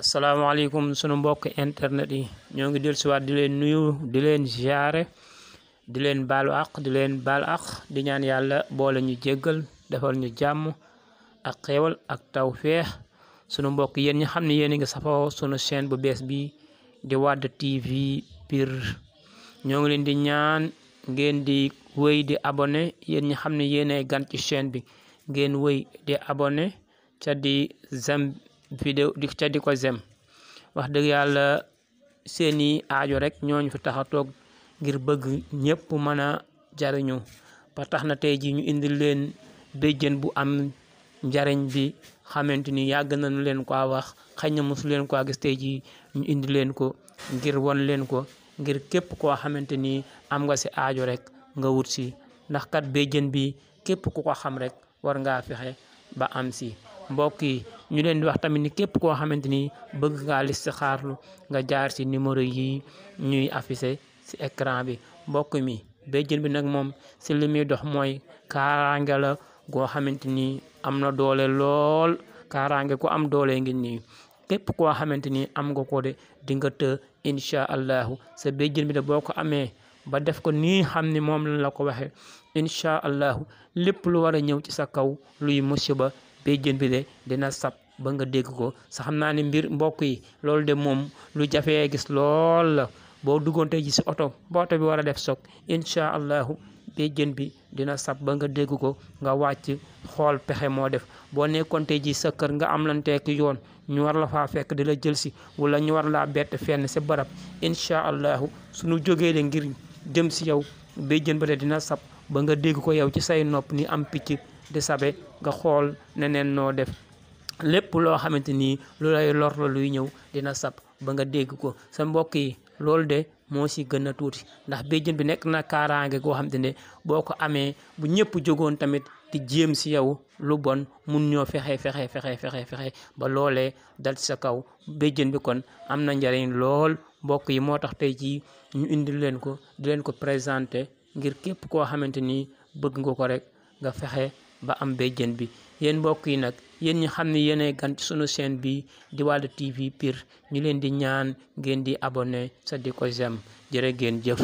asalaamaaleykum sunu mbokk internet yi ñoo ngi dellusiwaat di leen nuyu di leen ziare di leen baalu àq di leen baal àq di ñaan yàlla boole ñu jéggal defal ñu jàmm ak xéewal ak tawfeex sunu mbokk yéen ñu xam ne yéen a ngi safoo sunu chaîne bu bees bi di Wade TV piir ñoo ngi leen di ñaan ngeen di wéy di abonné yéen ñi xam ne yéen ay gan ci chaîne bi ngeen wéy di abonné ca di zam vidéo di ca diko ko zem wax dëgg yàlla seeni aajo rek ñooñu fi tax a toog ngir bëgg ñépp mën a jariñu ba tax na tey ji ñu indil leen béjjën bu am njariñ bi xamante ni yàgg nañu leen ko wax xañ na mosu leen ko gis tey ji ñu indi leen ko ngir won leen ko ngir képp koo xamante ni am nga si aajo rek nga wut si ndax kat béjjën bi képp ku ko xam rek war ngaa fexe ba am si mbokk yi ñu leen di wax tamit ni képp koo xamante ni bëgg ngaa listixaarlu nga jaar ci numéro yi ñuy affiché ci écran bi mbokk mi béjjën bi nag moom si li muy dox mooy kaaraange la goo xamante ni am na doole lool kaaraange ko am doole ngi nii képp koo xamante ni am nga ko de di nga të incha allahu sa béjjën bi de boo ko amee ba def ko nii xam ni moom la ko waxee incha allahu lépp lu war a ñëw ci sa kaw luy musiba béjjën bi de dina sab ba nga dégg ko sax xam naa ne mbir mbokk yi loolu de moom lu jafee gis lool la boo duggoon tey ji si oto booto bi war a def soog incha allahu béjjën bi dina sab ba nga dégg ko nga wàcc xool pexe moo def boo nekkoon tey ji sa kër nga am lanteek yoon ñu war la fa fekk di la jël si wala ñu war laa bett fenn si barab incha allahu suñu jógee de ngir jëm si yow béjjën ba de dina sab ba nga dégg ko yow ci say nopp ni am picc di sabe nga xool neneen noo def lépp loo xamante ni lu lay lor la luy ñëw dina sab ba nga dégg ko sa mbokk yi loolu de moo si gën a tuuti ndax béjjën bi nekk na kaaraange goo xamante ne boo ko amee bu ñëpp jógoon tamit di jéem si yow lu bon mun ñoo fexe fexe fexe fexe fexe ba loolee dal ci sa kaw béjjën bi kon am na njariñ lool mbokk yi moo tax tey jii ñu indi leen ko di leen ko présenté ngir képp koo xamante ni bëgg nga ko rek nga fexe ba am béjjen bi yéen mbokk yi nag yéen ñi xam ni yéenay gan ci sunu chaine bi di wàllu tv pir ñu leen di ñaan ngeen di abonné sa di ko jem jërë ngeen jëf